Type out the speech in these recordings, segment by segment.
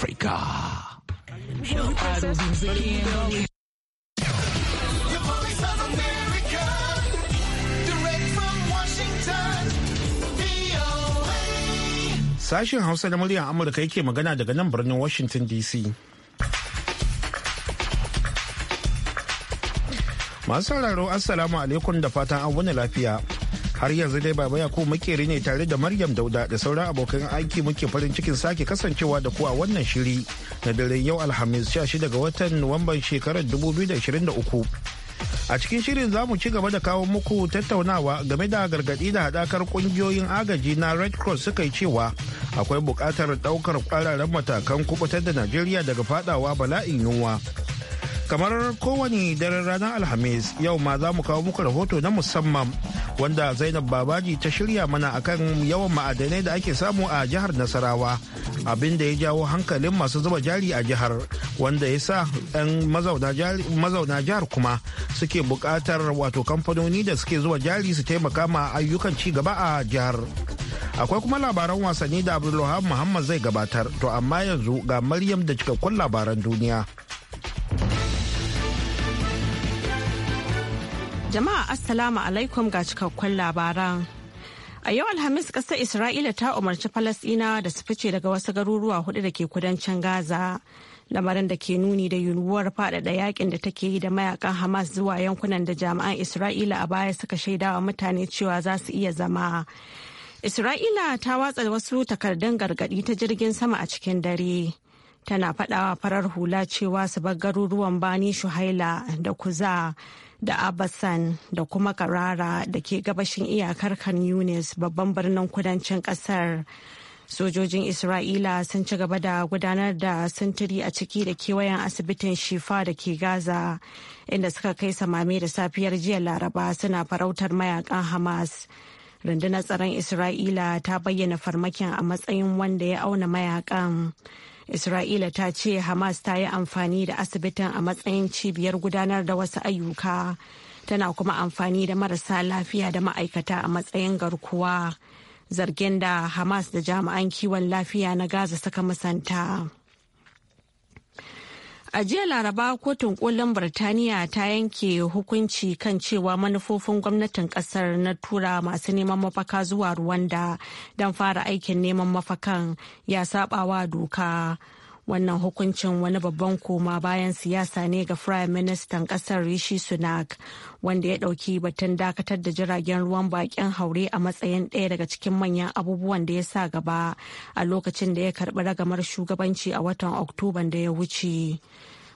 Africa. Sashen Hausa da muryar Amurka yake magana daga nan birnin Washington DC. Masu sauraro Assalamu alaikum da fatan an wani lafiya. har yanzu dai baba yakubu makeri ne tare da maryam dauda da sauran abokan aiki muke farin cikin sake kasancewa da ku a wannan shiri na daren yau alhamis shida ga watan nuwamban shekarar 2023 a cikin shirin za mu ci gaba da kawo muku tattaunawa game da gargaɗi da haɗakar ƙungiyoyin agaji na red cross suka yi cewa akwai buƙatar ɗaukar ƙwararren matakan kubutar da najeriya daga fadawa bala'in yunwa kamar kowane daren ranar alhamis yau ma za mu kawo muku rahoto na musamman wanda zainab babaji ta shirya mana akan yawan ma'adanai da ake samu a jihar nasarawa abin da ya jawo hankalin masu zuba jari a jihar wanda ya sa 'yan mazauna jihar kuma suke bukatar wato kamfanoni da suke zuba jari su taimaka ma ayyukan ci gaba a jihar akwai kuma labaran wasanni da abdullahi muhammad zai gabatar to amma yanzu ga maryam da cikakkun labaran duniya Jama'a Assalamu alaikum ga cikakkun labaran. A yau Alhamis ƙasar Isra'ila ta umarci Falasɗina da su fice daga wasu garuruwa hudu da ke kudancin Gaza. Lamarin da ke nuni da yiwuwar faɗaɗa yakin da take yi da mayakan Hamas zuwa yankunan da jama'an Isra'ila a baya suka shaidawa mutane cewa za su iya zama. Isra'ila ta watsa wasu takardun gargaɗi ta jirgin sama a cikin dare. Tana faɗawa farar hula cewa su bar garuruwan Bani Shuhaila da Kuza da Abasan da kuma Karara da ke gabashin iyakar kan Yunis babban birnin kudancin kasar. Sojojin Isra'ila sun ci gaba da gudanar da sintiri a ciki da kewayen asibitin Shifa da ke Gaza inda suka kai samame da safiyar jiya Laraba suna farautar mayakan Hamas. Rundunar tsaron Isra'ila ta bayyana farmakin a matsayin wanda ya auna mayakan. Isra'ila ta ce Hamas ta yi amfani da asibitin a matsayin cibiyar gudanar da wasu ayyuka. Tana kuma amfani da marasa lafiya da ma'aikata a matsayin garkuwa. Zargin da Hamas da jami'an kiwon lafiya na Gaza suka musanta. A jiya Laraba kotun kolin Birtaniya ta yanke hukunci kan cewa manufofin gwamnatin kasar na tura masu neman mafaka zuwa Ruwanda don fara aikin neman mafakan ya sabawa doka. wannan hukuncin wani babban koma bayan siyasa ne ga prime ministan kasar rishi sunak wanda ya dauki batun dakatar da jiragen ruwan bakin haure a matsayin ɗaya daga cikin manyan abubuwan da ya sa gaba a lokacin da ya karɓi ragamar shugabanci a watan oktoban da ya wuce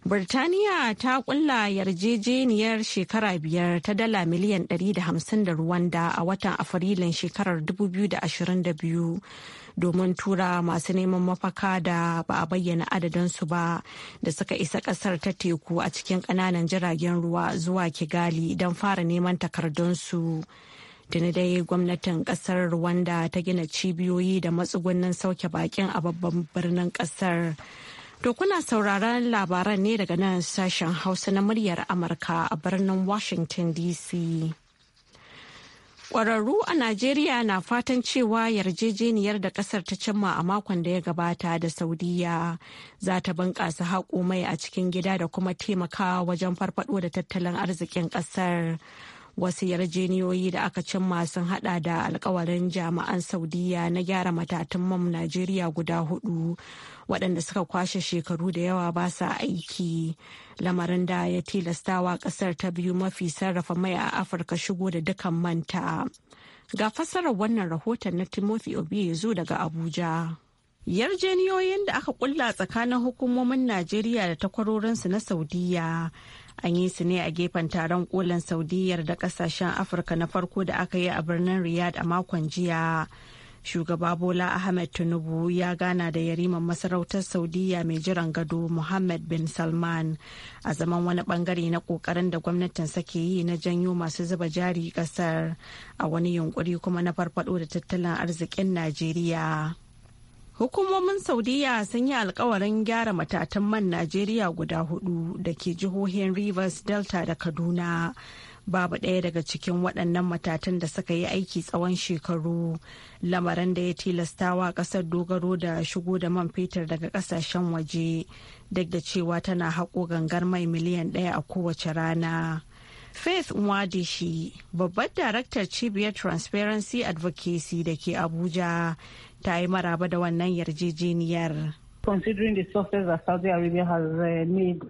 Birtaniya ta kulla yarjejeniyar shekara biyar ta dala miliyan 150 da Rwanda a watan Afrilun shekarar 2022 domin tura masu neman mafaka da ba a bayyana adadinsu ba da suka isa kasar ta teku a cikin kananan jiragen ruwa zuwa kigali don fara neman takardunsu. tuni dai gwamnatin kasar rwanda ta gina cibiyoyi da matsugunan sauke bakin a babban birnin kasar to kuna sauraron labaran ne daga nan sashen hausa na muryar amurka a birnin washington dc Ƙwararru a Najeriya na fatan cewa yarjejeniyar da ƙasar ta cimma a makon da ya gabata da Saudiya za ta bunƙasa haƙo mai a cikin gida da kuma taimakawa wajen farfaɗo da tattalin arzikin ƙasar. wasu yarjeniyoyi da aka cimma sun hada da alkawarin jami'an saudiya na gyara matatun mam najeriya guda hudu waɗanda suka kwashe shekaru da yawa ba sa aiki lamarin da ya tilastawa ƙasar ta biyu mafi sarrafa mai a afirka shigo da dukan manta ga fassarar wannan rahoton na timothy zo daga abuja yarjeniyoyin da aka kulla tsakanin hukumomin najeriya da takwarorinsu na saudiya an yi su ne a gefen taron kolan saudiyyar da kasashen afirka na farko da aka yi a birnin riyadh a makon jiya shugaba bola ahmed tinubu ya gana da yariman masarautar saudiyya mai jiran gado muhammad bin salman a zaman wani bangare na kokarin da gwamnatin ke yi na janyo masu zuba jari kasar a wani yunkuri kuma na farfado da tattalin arzikin najeriya Hukumomin Saudiya sun yi alkawarin gyara matatan man Najeriya guda hudu da ke jihohin Rivers, Delta da Kaduna. Babu ɗaya daga cikin waɗannan matatan da suka yi aiki tsawon shekaru, lamarin da ya tilastawa ƙasar dogaro da shigo da man fetur daga ƙasashen waje, duk da cewa tana haƙo gangar mai miliyan ɗaya a kowace rana. Faith Nwadishi, babbar daraktar cibiyar Transparency Advocacy da ke Abuja, ta yi maraba da wannan yarjejeniyar. Considering the success that Saudi Arabia has uh, made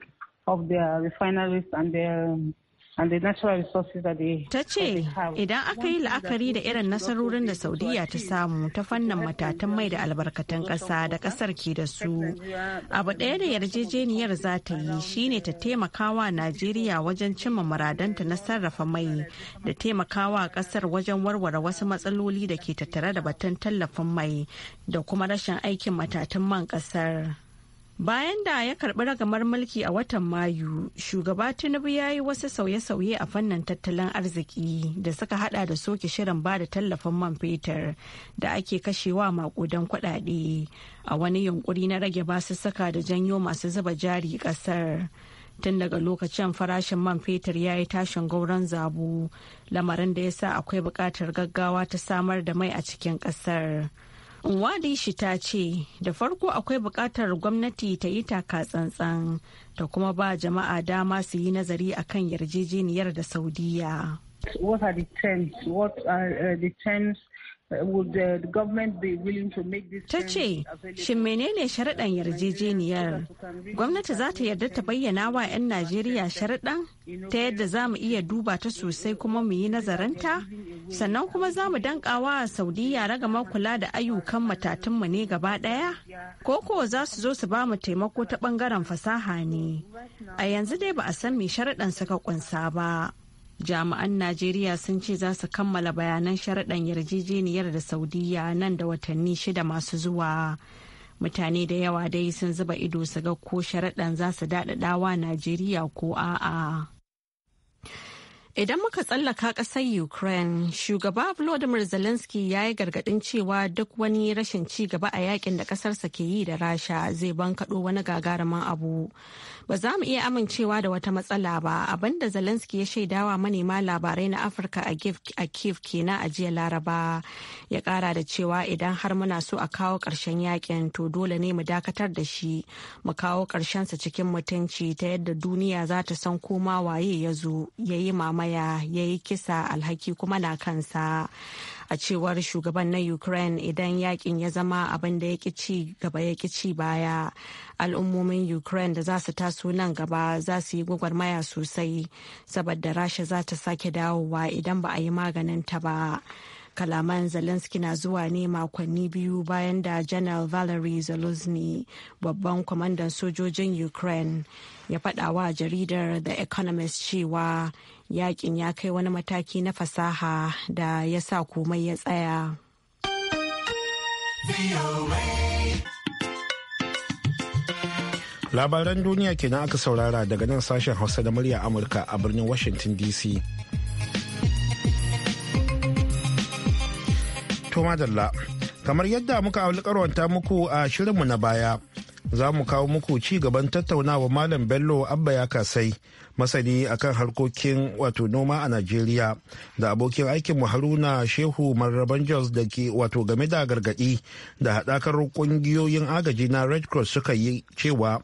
of their refineries and their um, and the natural resources that they Ta ce idan aka yi la'akari da irin nasarorin da Saudiya ta samu ta fannin matatan mai da albarkatun ƙasa da ƙasar ke da su. Abu ɗaya da yarjejeniyar za ta yi shine ta taimakawa Najeriya wajen cimma muradanta na sarrafa mai da taimakawa ƙasar wajen warware wasu matsaloli da ke tattare da batun tallafin mai da kuma rashin aikin matatan man ƙasar. Bayan da ya karɓi ragamar mulki a watan Mayu, shugaba Tinubu ya yi wasu sauye-sauye a fannin tattalin arziki da suka hada da soke shirin ba da tallafin man fetur da ake kashewa makudan kuɗaɗe a wani yunkuri na rage basussuka da janyo masu zuba jari ƙasar. Tun daga lokacin farashin man fetur ya yi tashin gauron zabu, lamarin da ya sa akwai buƙatar gaggawa ta samar da mai a cikin ƙasar. Nwadishi ta ce da farko akwai buƙatar gwamnati ta yi taka tsantsan ta kuma ba jama'a dama su yi nazari akan yarjejeniyar da Saudiya. What are the terms? What are uh, the terms Uh, uh, ta ce, shin menene sharaɗan yarjejeniyar? Gwamnati za ta yarda ta bayyana wa 'yan Najeriya sharaɗan ta yadda za mu iya duba ta sosai kuma mu yi nazarinta? Sannan kuma za mu danƙawa a Saudiya ragama kula da ayyukan matatunmu ne gaba ɗaya? Ko kowa za su zo su ba mu taimako ta ɓangaren fasaha ne. A yanzu dai ba a san me sharaɗan suka ƙunsa ba. jami'an najeriya sun ce za su kammala bayanan sharaɗan yarjejeniyar da saudiya nan da watanni shida masu zuwa mutane da yawa dai sun zuba ido su ga ko sharaɗan za su daɗaɗawa najeriya ko a'a Idan muka tsallaka ƙasar Ukraine, shugaba Volodymyr Zelensky ya yi gargaɗin cewa duk wani rashin ci gaba a yakin da ƙasarsa ke yi da Rasha zai bankaɗo wani gagarumin abu. ba za mu iya amincewa da wata matsala ba abinda zelensky ya shaidawa manema labarai na afirka a kiev kenan a jiya laraba ya kara da cewa idan har muna so a kawo ƙarshen yakin to dole ne mu dakatar da shi mu kawo ƙarshensa cikin mutunci ta yadda duniya za ta san koma waye ya zo ya yi mamaya ya yi kisa alhaki kuma na kansa a cewar shugaban na ukraine idan yakin ya zama abin da ya ci gaba ya ci baya al'ummomin ukraine da za su taso nan gaba za su yi gwagwarmaya sosai saboda rasha za ta sake dawowa idan ba a yi maganin ta ba kalaman zelensky na zuwa ne makonni biyu bayan da janar valery zelensky babban kwamandan sojojin ukraine ya fada wa jaridar the economist cewa yakin ya kai wani mataki na fasaha da ya sa komai ya tsaya labaran duniya kenan aka saurara daga nan sashen hausa da murya amurka a birnin washington dc To madalla, kamar yadda muka alƙarwanta muku a shirinmu na baya, za mu kawo muku ci gaban tattaunawa Malam Bello Abba ya kasai masani akan harkokin wato noma a Najeriya da abokin aikin mu Haruna Shehu Marraban Jos da ke wato game da gargaɗi da haɗakar ƙungiyoyin agaji na Red Cross suka yi cewa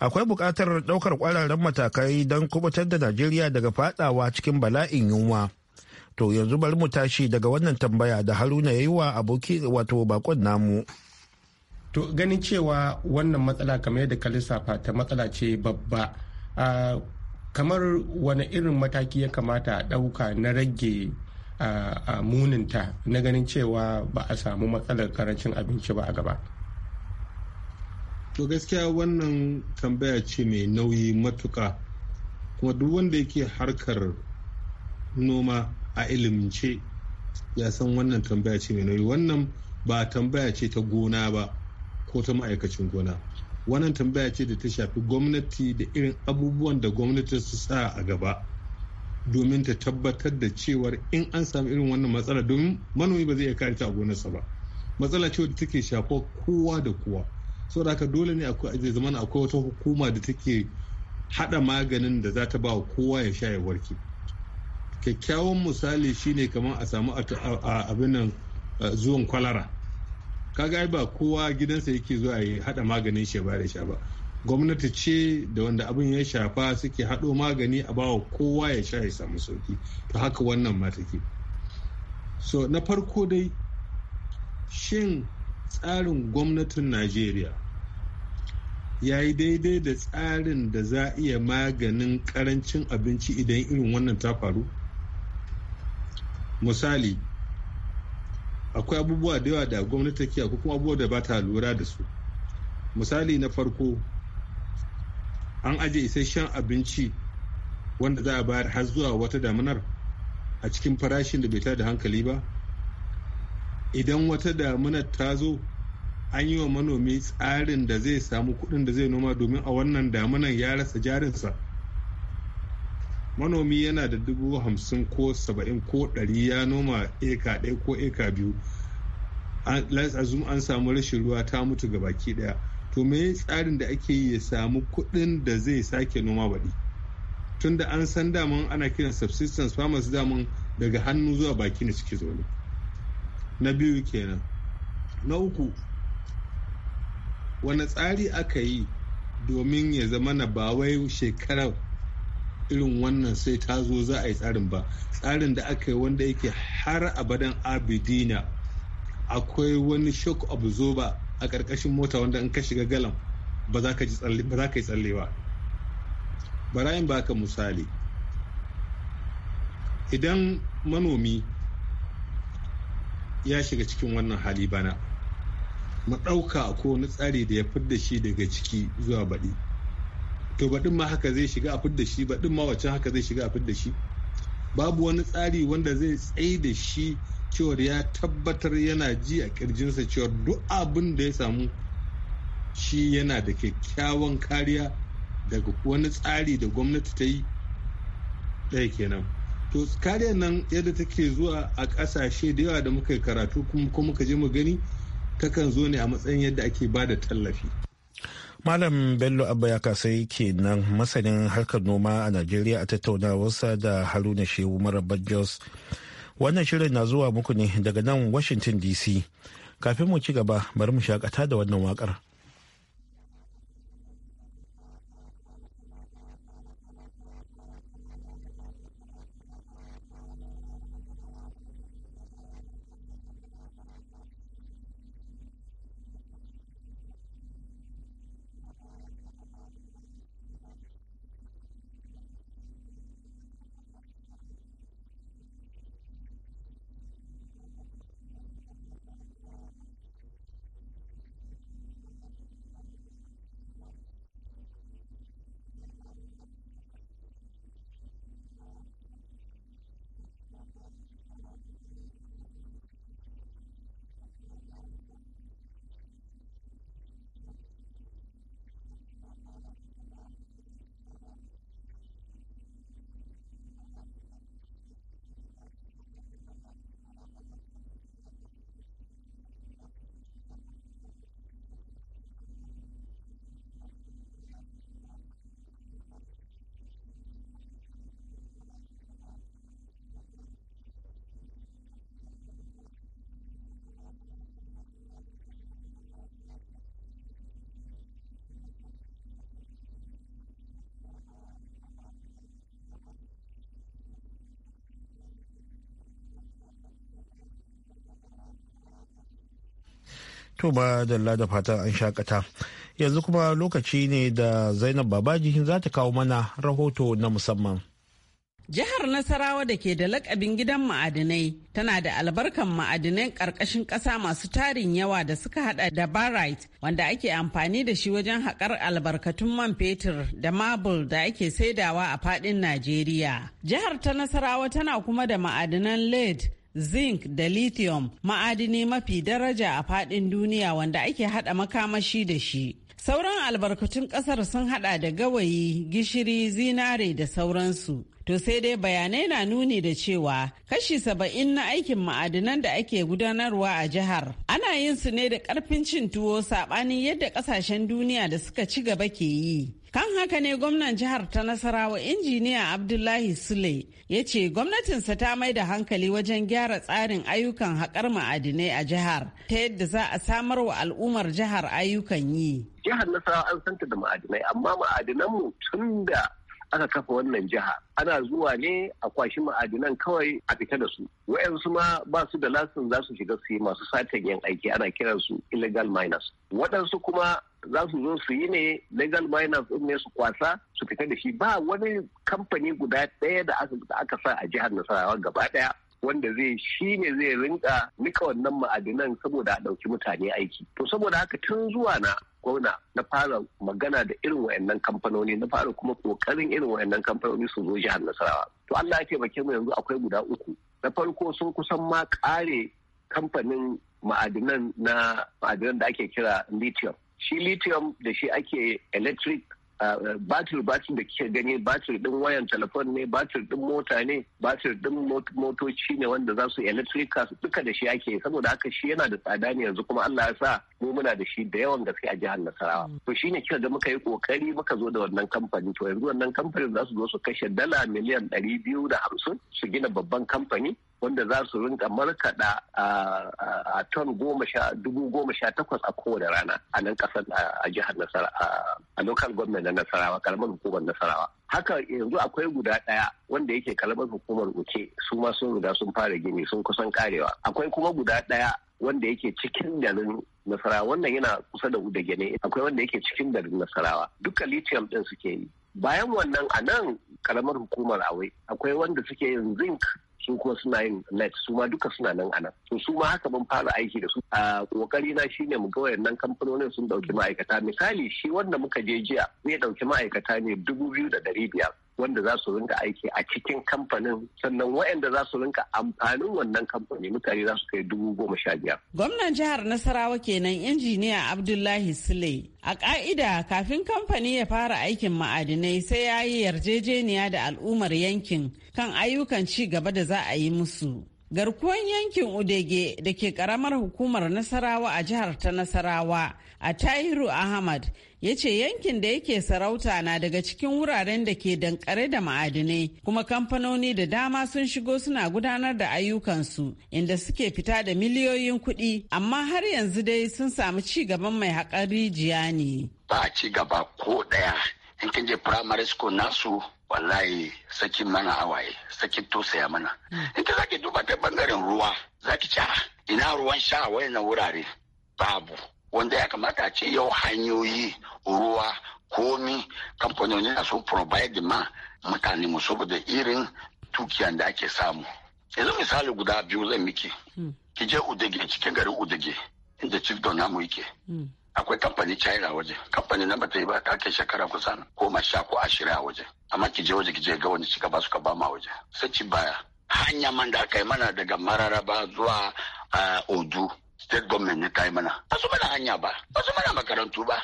akwai buƙatar ɗaukar ƙwararren matakai don kubutar da Najeriya daga fadawa cikin bala'in yunwa. To yanzu bari mu tashi daga wannan tambaya da Haruna ya yi wa aboki wato bakon namu. To ganin cewa wannan matsala kamar yadda ka lissafa ta matsala ce babba. kamar wani irin mataki ya kamata a ɗauka na rage a muninta na ganin cewa ba a samu matsalar karancin abinci ba a gaba. To gaskiya wannan tambaya ce mai nauyi matuka kuma duk wanda yake harkar noma a ilimce ya san wannan tambaya ce mai nauyi wannan ba tambaya ce ta gona ba ko ta ma'aikacin gona wannan tambaya ce da ta shafi gwamnati da irin abubuwan da gwamnati su sa a gaba domin ta tabbatar da cewar in an samu irin wannan matsala domin manomi ba zai iya kare ta a gonarsa ba matsala ce wadda take shafa kowa da kowa saboda haka dole ne akwai zamana akwai wata hukuma da take hada maganin da za ta ba kowa ya sha ya warke kyakkyawan misali shine kamar a samu abin nan zuwan kwalara kaga ba kowa gidansa yake zuwa ya hada maganin shi ba da sha ba gwamnati ce da wanda abin ya shafa suke hado magani a bawa kowa ya sha ya samu sauki to haka wannan ma take so na farko dai shin tsarin gwamnatin najeriya ya yi daidai da tsarin da za iya maganin karancin abinci idan irin wannan ta faru misali akwai abubuwa da yawa da gwamnati take ko kuma abubuwa da ba ta lura da su misali na farko an ajiye isasshen abinci wanda za a bayar har zuwa wata damunar a cikin farashin da bai tada hankali ba idan wata damunar ta zo an yi wa manomi tsarin da zai samu kuɗin da zai noma domin a wannan damunan ya rasa jarinsa manomi yana da dubu hamsin ko saba'in ko ɗari ya noma eka ɗaya ko eka biyu azum an samu rashin ruwa ta mutu ga baki ɗaya to me tsarin da ake yi ya samu kuɗin da zai sake noma baɗi tunda an san daman ana kiran subsistence farmers daman daga hannu zuwa baki na suke zaune na biyu kenan na uku wani tsari aka yi domin ya zama na ba wai shekarar irin wannan sai ta zo za a yi tsarin ba tsarin da aka yi wanda yake har abadan abidina akwai wani shock absorber a ƙarƙashin mota wanda in ka shiga galan ba za ka yi tsalle ba barayin baka misali idan manomi ya shiga cikin wannan hali bana mu ɗauka ko wani tsari da ya fidda shi daga ciki zuwa baɗi to baɗin ma haka zai shiga a fidda shi baɗin ma wacce haka zai shiga a fidda shi babu wani tsari wanda zai tsaye da shi cewar ya tabbatar yana ji a ƙirjinsa cewar duk abin da ya samu shi yana da kyakkyawan kariya daga wani tsari da gwamnati ta yi ɗaya kenan to kariyar nan yadda take zuwa a ƙasashe da yawa da muka karatu kuma muka je mu gani takan zo ne a matsayin yadda ake ba da tallafi Malam Bello Abba kasai nan masanin harkar noma a Najeriya a tattaunawarsa da Haruna Shehu Marabar Jos. Wannan shirin na zuwa muku ne daga nan Washington DC. Kafin mu ci gaba bari mu shakata da wannan wakar. To ba da da fatan an shakata. Yanzu kuma lokaci ne da Zainab Babaji za ta kawo mana rahoto na musamman. Jihar Nasarawa da ke da lakabin gidan ma'adinai tana da albarkan ma'adinai ƙarƙashin ƙasa masu tarin yawa da suka hada da barite wanda ake amfani da shi wajen haƙar albarkatun man fetur da marble da ake saidawa a faɗin Najeriya. Jihar ta Nasarawa tana kuma da ma'adinan lead zinc da lithium ma'adini mafi daraja a faɗin duniya wanda ake haɗa makamashi da shi. Sauran albarkatun ƙasar sun haɗa da gawayi, gishiri, zinare da sauransu. To sai dai bayanai na nuni da cewa kashi saba'in na aikin ma'adinan da ake gudanarwa a jihar ana yin su ne da ƙarfin cin tuwo saɓanin yadda ƙasashen duniya da suka ci gaba ke yi. Kan haka ne gwamnan jihar ta Nasarawa injiniya Abdullahi Sule ya ce gwamnatinsa ta mai da hankali wajen gyara tsarin ayyukan haƙar ma'adinai a jihar ta yadda za a samar wa al'ummar jihar ayyukan yi. Jihar Nasarawa an santa da ma'adinai amma ma'adinanmu tun da aka kafa wannan jiha ana zuwa ne a kwashi ma'adinan kawai a fita da su wa'yansu ma ba su da lasin za su shiga su yi masu satan yin aiki ana kiran su illegal miners waɗansu kuma za su zo su yi ne legal miners in ne su kwasa su fita da shi ba wani kamfani guda ɗaya da aka sa a jihar nasarawa gaba ɗaya wanda zai shi ne zai rinka nika wannan ma'adinan saboda a ɗauki mutane aiki to saboda haka tun zuwa na kona na fara magana da irin wayannan kamfanoni na fara kuma kokarin irin wayannan kamfanoni su zo jihar nasarawa to allah ya bakin mu yanzu akwai guda uku na farko sun kusan ma kare kamfanin ma'adinan na ma'adinan da ake kira lithium shi lithium da shi ake electric batir uh, batir da kike gani batir din wayan telefon ne batir din mota ne batir din motoci ne wanda za su electric duka da shi ake saboda haka shi yana da tsada ne yanzu kuma Allah ya sa mu muna da shi da yawan gaske a jihar Nasarawa mm. to shi ne kika ga muka yi kokari muka zo da wannan kamfani to yanzu wannan kamfanin za su zo su kashe dala miliyan ɗari biyu da hamsin su gina babban kamfani wanda za su rinka markaɗa a ton dubu goma sha takwas a kowane rana a nan ƙasar a jihar nasarawa a local government na nasarawa karamar hukumar nasarawa haka yanzu akwai guda ɗaya wanda yake karamar hukumar uke su ma sun riga sun fara gini sun kusan karewa akwai kuma guda ɗaya wanda yake cikin garin nasarawa wannan yana kusa da uda gene akwai wanda yake cikin garin nasarawa duka lithium din suke yi bayan wannan a nan karamar hukumar awai akwai wanda suke yin zinc su kuma suna yin net su ma duka suna nan anan to su ma haka mun fara aiki da su a kokari na shine mu ga wayannan kamfanonin sun dauki ma'aikata misali shi wanda muka je jiya zai dauki ma'aikata ne dubu biyu da dari biyar wanda za su rinka aiki a cikin kamfanin sannan waɗanda za su rinka amfanin wannan kamfani mutane za su kai dubu goma sha biyar. Gwamnan jihar Nasarawa kenan injiniya Abdullahi Sule. A ƙa'ida, kafin kamfani ya fara aikin ma'adinai sai ya yi yarjejeniya da al'ummar yankin kan ayyukan ci gaba da za a yi musu. Garkuwan yankin Udege da ke ƙaramar hukumar Nasarawa a jihar ta Nasarawa a Tahiru Ahmad ya ce yankin da yake sarauta na daga cikin wuraren da ke dankare da ma'adinai kuma kamfanoni da dama sun shigo suna gudanar da ayyukansu inda suke fita da miliyoyin kuɗi amma har yanzu dai sun samu ci gaban mai haƙar rijiya ne. Ba a ci gaba ko ɗaya in kin je primary school nasu wallahi sakin mana hawaye sakin tosaya mana. Hmm. In ta zaki duba ta bangaren ruwa zaki ci ah, ina ruwan sha wayannan wurare babu. wanda ya kamata a ce yau hanyoyi ruwa komi kamfanoni na su provide ma mutane mu saboda irin tukiyan da ake samu yanzu misali guda biyu zan miki hmm. ki je udage cikin garin udage inda chief don namu yake hmm. akwai kamfani china waje kamfani na bata yi ba ta kai shekara kusan ma sha ko ashirin a waje amma ki je waje ki je ga wani cika ba suka ba ma waje sai ci baya hanya man da aka yi mana daga mararaba zuwa ah, odu state government ya kai mana ba su mana hanya ba ba su mana makarantu ba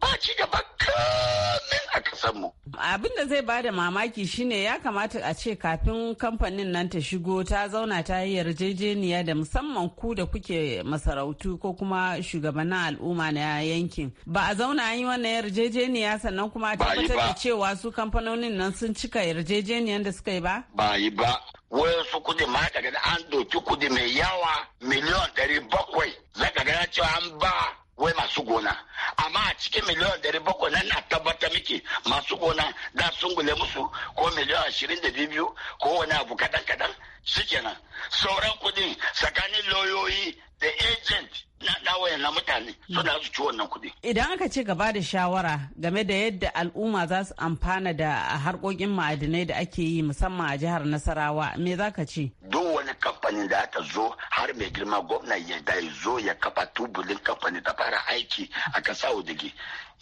ba ci gaba kamin a kasar mu abin da zai bada mamaki shine ya kamata a ce kafin kamfanin nan ta shigo ta zauna ta yi yarjejeniya da musamman ku da kuke masarautu ko kuma shugabannin al'umma na yankin ba a zauna an yi wannan yarjejeniya sannan kuma a tabbatar da cewa su kamfanonin nan sun cika yarjejeniyan da suka yi ba ba yi ba wasu kudi ma kaga an doki kudi mai yawa miliyon ɗari bakwai ka cewa an ba wai masu gona amma a cikin miliyan dari bakwai nan na tabbata miki masu gona da sun gule musu ko miliyan ashirin da biyu ko wani abu kadan kadan shikenan sauran kudin tsakanin lauyoyi da agent na wayan na mutane suna su ci wannan kuɗi. Idan aka ce gaba da shawara game da yadda al'umma za su amfana da harkokin ma'adinai da ake yi musamman a jihar Nasarawa me za ka ce? Duk wani kamfanin da aka zo har mai girma gwamna ya da ya zo ya kafa tubulin kamfani ta fara aiki a ƙasa Odigi.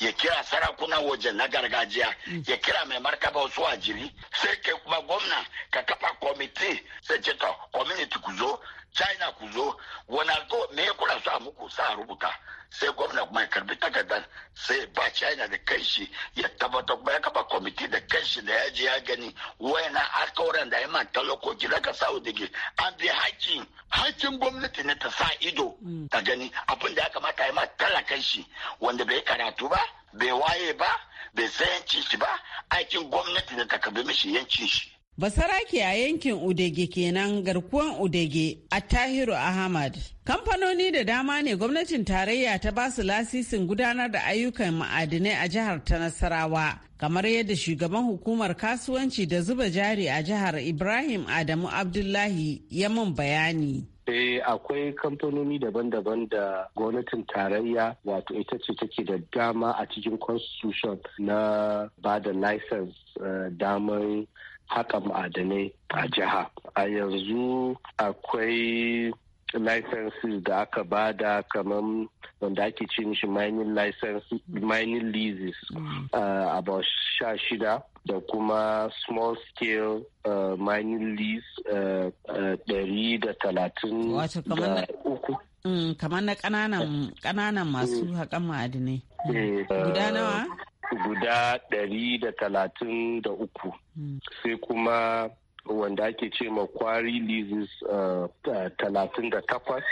ya kira sarakuna waje na gargajiya ya kira mai martaba wasu a jiri sai kai kuma gwamna ka kafa kwamiti sai ce to kwamiti ku zo china ku zo wani zo me ya kuna sa muku sa rubuta sai gwamna kuma ya karbi takardar sai ba china da kanshi ya tabbatar kuma ya kafa kwamiti da kanshi da ya je ya gani wayana alkawaran da ya man talakoki daga saudi an bi hakkin hakkin gwamnati ne ta sa ido mm. ta gani abin da ya kamata ya ma talakan shi wanda bai karatu ba bai waye ba bai san yancin shi ba aikin gwamnati da ta karbi mishi yancin shi basarake a yankin udege kenan garkuwan udege a tahiru ahmad kamfanoni da dama ne gwamnatin tarayya ta basu lasisin gudanar da ayyukan ma'adinai a jihar ta nasarawa kamar yadda shugaban hukumar kasuwanci da zuba jari a jihar ibrahim adamu abdullahi ya mun bayani Eh, akwai kamfanoni daban-daban da gwamnatin tarayya wato ita ce take da dama a cikin constitution na ba da license eh, damar haka ma'adanai a jiha a yanzu akwai licenses da aka bada kamar wanda ake ce mishi mining license mining leases mm. uh, about sha shida da kuma small scale uh, mining lease uh, uh, ɗari da talatin da uku kamar na kananan mm, masu mm. haƙan ma'adinai eh, guda uh, nawa guda ɗari da talatin da uku Hmm. sai kuma wanda ake ce ma kwari leases uh, uh, talatin da takwas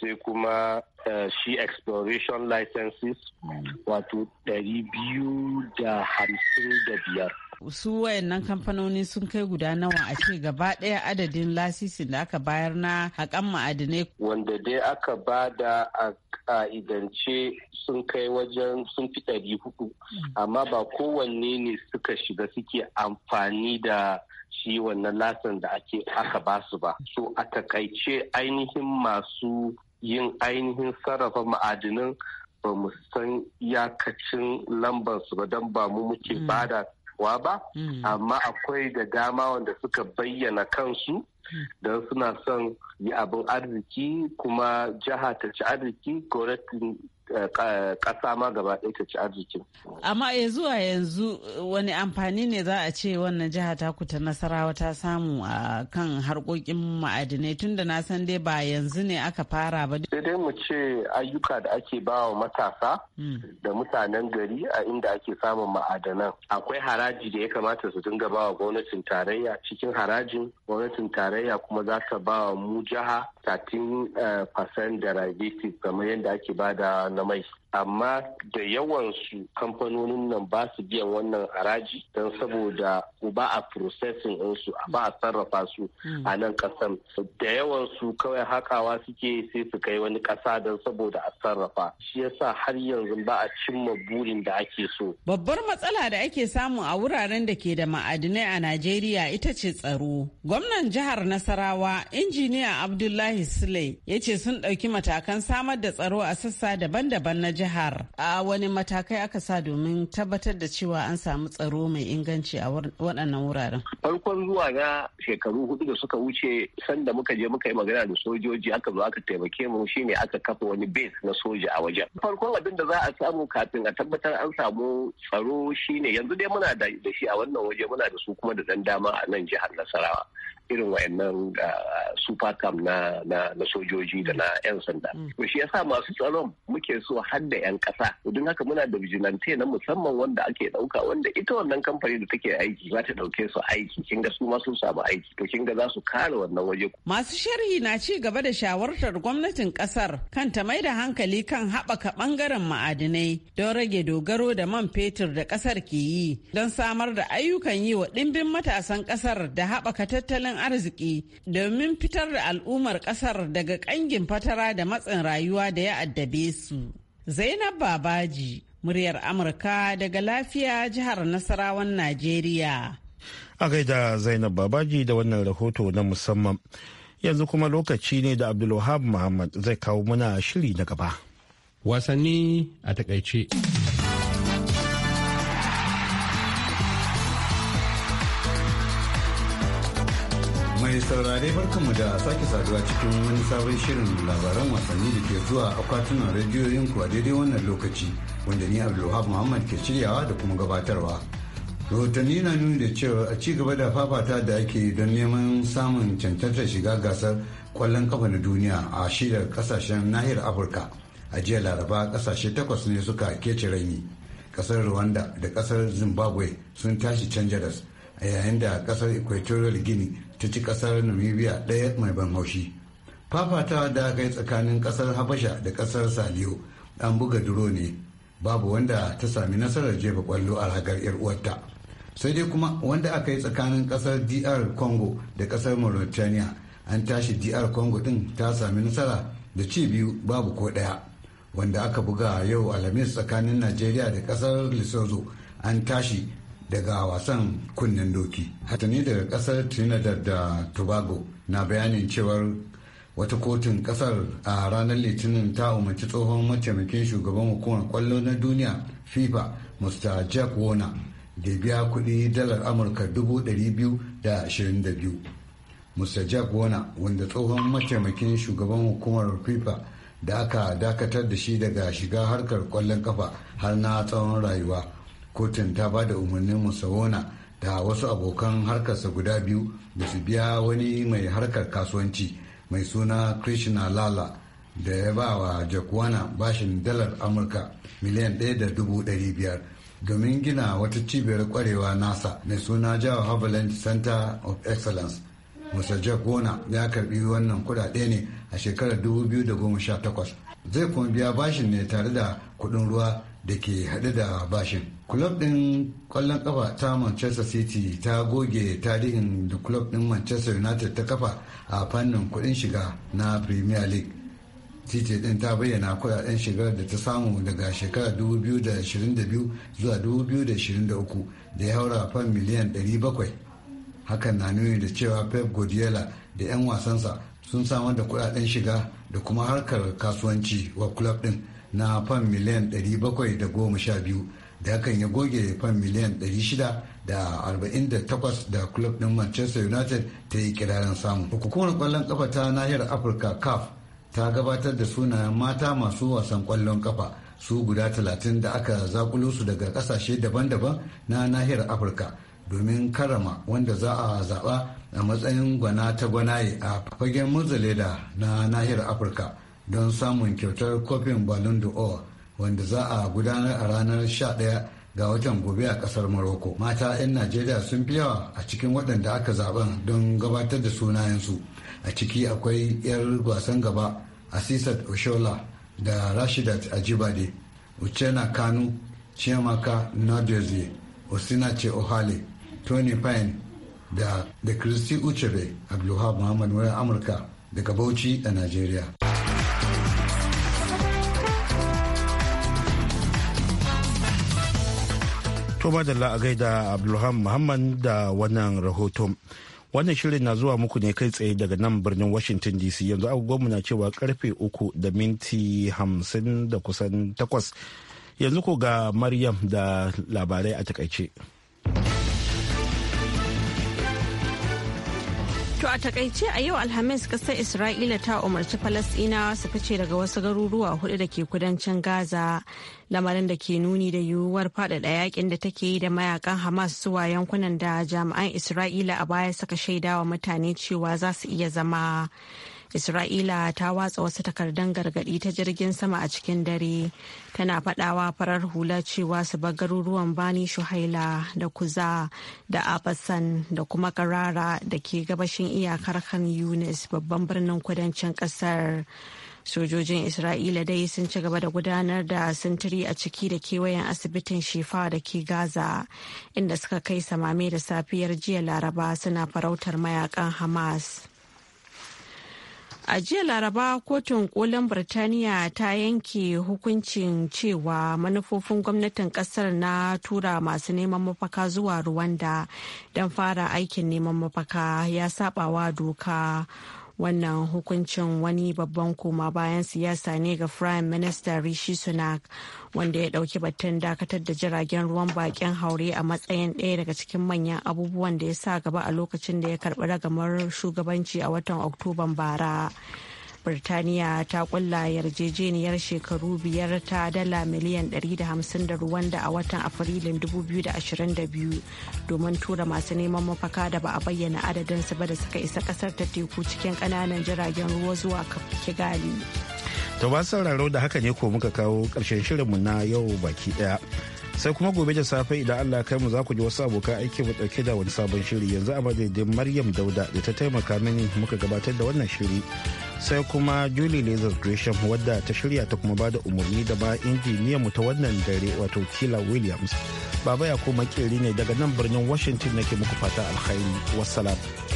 sai kuma uh, shi exploration licenses hmm. wato ɗari biyu da hamsin da biyar su wayannan kamfanoni sun kai guda nawa a ce gaba ɗaya adadin lasisin da aka bayar na haƙan ma'adinai. Wanda dai aka ba da a ka'idance sun kai wajen sun fi ɗari hudu amma ba kowanne ne suka shiga suke amfani da shi wannan lasan da ake aka ba su ba. So a takaice ainihin masu yin ainihin sarrafa ma'adinan ba mu san yakacin lambar su ba don ba mu muke mm. bada kuwa ba hmm. amma akwai da dama wanda suka bayyana kansu don suna son yi abin arziki kuma jiha ta ci arziki gwamnatin eh, ƙasa ma gaba ɗaya ta ci arziki. Amma ya zuwa yanzu eh, wani amfani ne za a ce wannan jiha ta kuta nasarawa ta samu a kan harkokin ma'adinai tun da na san dai ba yanzu ne aka fara ba. Sai dai mu ce ayyuka da ake ba wa matasa hmm. da mutanen gari a inda ake samun ma'adanan. Akwai haraji da ya kamata su dinga ba wa gwamnatin tarayya cikin harajin gwamnatin tarayya tarayya kuma za ta ba mu jiha 13% da rabitis kamar yadda ake bada na mai amma da yawansu kamfanonin nan ba su biyan wannan haraji don saboda ba a processing a ba a sarrafa su hmm. a nan kasan. da yawansu kawai hakawa suke sai su kai wani ƙasa don saboda a sarrafa shi yasa har yanzu ba a cimma burin da ake so babbar matsala da ake samu a wuraren da ke da ma'adinai a najeriya ita ce tsaro gwamnan jihar nasarawa injiniya abdullahi sule ya ce sun ɗauki matakan samar da tsaro a sassa daban-daban na jihar a wani matakai aka sa domin tabbatar da cewa an samu tsaro mai inganci a waɗannan wuraren farkon zuwa na shekaru hudu da suka wuce sanda muka je muka yi magana da sojoji aka zo aka taimake mu shine aka kafa wani base na soja a wajen farkon abin da za a samu kafin a tabbatar an samu tsaro shine yanzu dai muna da shi a wannan waje muna da su kuma da dan dama a nan jihar nasarawa irin wayannan ah, super cam na na sojoji da na 'yan sanda. Mm. To shi yasa masu tsaron muke so har da 'yan ƙasa. Don haka muna da vigilante na musamman wanda ake ɗauka wanda ita wannan kamfani da take aiki za ta ɗauke su aiki. Kin ga su ma sun samu aiki to kin ga za su kare wannan waje. Masu sharhi na ci gaba da shawartar gwamnatin ƙasar kan ta mai da hankali kan haɓaka ɓangaren ma'adinai don rage dogaro da man fetur da ƙasar ke yi don samar da ayyukan yi wa ɗimbin matasan ƙasar da haɓaka tattalin arziki domin fitar da al'ummar kasar daga kangin fatara da matsin rayuwa da ya addabe su. Zainab Babaji, muryar Amurka daga lafiya jihar Nasarawan Najeriya. A gaida Zainab Babaji da wannan rahoto na musamman. Yanzu kuma lokaci ne da Abdulwahab Muhammad zai kawo muna shiri na gaba. Wasanni a takaice. mai saurare barkanmu da sake saduwa cikin wani sabon shirin labaran wasanni da ke zuwa akwatunan rediyoyin kuwa daidai wannan lokaci wanda ni abdulwahab muhammad ke shiryawa da kuma gabatarwa rahotanni na nuni da cewa a ci gaba da fafata da ake don neman samun cancantar shiga gasar kwallon kafa na duniya a shirar kasashen nahiyar afirka a jiya laraba kasashe takwas ne suka kece raini kasar rwanda da kasar zimbabwe sun tashi canjaras a yayin da kasar equatorial guinea ta ci kasar namibia ɗaya mai ban haushi fafatawa da aka yi tsakanin kasar habasha da kasar saliyo an buga duro ne babu wanda ta sami nasarar jefa kwallo a ragar yar uwarta sai dai kuma wanda aka yi tsakanin kasar dr congo da kasar mauritania an tashi dr congo din ta sami nasara da ci biyu babu ko ɗaya wanda aka buga yau alhamis tsakanin najeriya da kasar lesotho an tashi daga wasan kunnen doki hatani daga kasar trinidad da tobago na bayanin cewar wata kotun kasar a ranar litinin ta umarci tsohon mataimakin shugaban hukumar kwallo na duniya fifa mr jack warner da biya kudi dalar amurka 222 mr jack warner wanda tsohon mataimakin shugaban hukumar fifa da aka dakatar da shi daga shiga harkar kwallon kafa har na tsawon rayuwa kotun ta ba da umarnin musawona da wasu abokan harkarsa guda biyu da su biya wani mai harkar kasuwanci mai suna krishna lala da ya ba wa jakwana bashin dalar amurka miliyan ɗaya da dubu ɗari biyar domin gina wata cibiyar kwarewa nasa mai suna jawa haviland center of excellence musa jakwana ya karbi wannan kudade ne a shekarar 2018 zai kuma biya bashin ne tare da kudin ruwa da ke haɗe da bashin. Kulob ɗin ƙwallon ƙafa ta Manchester City ta goge tarihin da kulob ɗin Manchester United ta kafa a fannin kuɗin shiga na Premier League. City ɗin ta bayyana kuɗaɗen shigar da ta samu daga shekarar 2022 zuwa 2023 da ya haura fan miliyan 700. Hakan na nuni da cewa Pep Guardiola da 'yan wasansa sun samar da kuɗaɗen shiga da kuma harkar kasuwanci wa kulob ɗin. na fan miliyan 712 da hakan ya goge fan miliyan 648 da club din manchester united ta yi kirarin samu hukumar kwallon kafa ta nahiyar afirka caf ta gabatar da sunayen mata masu wasan kwallon kafa su guda 30 da aka zakulo su daga kasashe daban-daban na nahiyar afirka domin karama wanda za a zaba a matsayin gwana ta gwanaye a fagen murza na nahiyar afirka don samun kyautar kofin Ballon d'Or wanda za a gudanar a ranar 11 ga watan gobe a kasar Morocco. Mata 'yan Najeriya sun fi yawa a cikin waɗanda aka zaben don gabatar da sunayensu. A ciki akwai 'yar wasan gaba Asisat Oshola da Rashidat Ajibade, Uchena Kanu, Chiamaka Nadozie, Osinace Ohale, Tony Pine da da Christy Uchebe, Abdulhab Muhammad wani Amurka daga Bauchi a Najeriya. Toma da la'agai da Abdulham Muhammad da wannan rahoton. Wannan shirin na zuwa muku ne kai tsaye daga nan birnin Washington DC yanzu agogonmu na cewa karfe uku da minti hamsin da kusan takwas. Yanzu ko ga Maryam da labarai a takaice. To a takaice a yau Alhamis kasar Isra'ila ta umarci Falasɗinawa su fice daga wasu garuruwa hudu da ke kudancin Gaza lamarin da ke nuni da yiwuwar faɗaɗa yakin da take yi da mayakan Hamas zuwa yankunan da jami'an Isra'ila a baya suka shaidawa mutane cewa za su iya zama. Isra'ila ta watsa wasu takardan gargadi ta jirgin sama a cikin dare, tana faɗawa farar hula cewa su bar garuruwan Bani Shuhaila da Kuza da Abasan da kuma Karara da ke gabashin iyakar kan Yunis babban birnin kudancin ƙasar. sojojin isra'ila dai sun ci gaba da gudanar da sintiri a ciki da kewayen asibitin shifa da ke gaza inda suka kai samame da safiyar jiya laraba suna farautar mayakan hamas A jiya Laraba kotun kolin Birtaniya ta yanke hukuncin cewa manufofin gwamnatin kasar na tura masu neman mafaka zuwa Rwanda don fara aikin neman mafaka ya sabawa doka. wannan hukuncin wani babban koma bayan siyasa ne ga prime minister rishi sunak wanda ya dauki batun dakatar da jiragen ruwan bakin haure a matsayin ɗaya daga cikin manyan abubuwan da ya sa gaba a lokacin da ya karbi ragamar shugabanci a watan oktoban bara Birtaniya ta kulla yarjejeniyar shekaru biyar ta dala miliyan 150 da da a watan Afrilun 2022 domin tura masu neman mafaka da ba a bayyana adadinsu ba da suka isa kasar ta teku cikin kananan jiragen ruwa zuwa Kigali. To ba sauraro da haka ne ko muka kawo ƙarshen shirinmu na yau baki daya. sai kuma gobe da safe idan allah kai mu za ku ji wasu abokan aiki mu dauke da wani sabon shiri yanzu a madadin maryam dauda da ta taimaka mini muka gabatar da wannan shiri sai kuma julie Lazarus gresham wadda ta shirya ta kuma bada umarni da ba injiniyan mu ta wannan dare wato kila williams baba ya kuma ne daga nan birnin washington nake muku fata alkhairi wassalam